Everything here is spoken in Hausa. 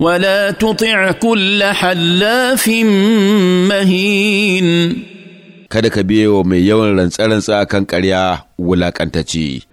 Wala تطع كل halafin مهين kada ka biye mai yawan rantsa-rantsa kan ƙarya wulaƙantacci.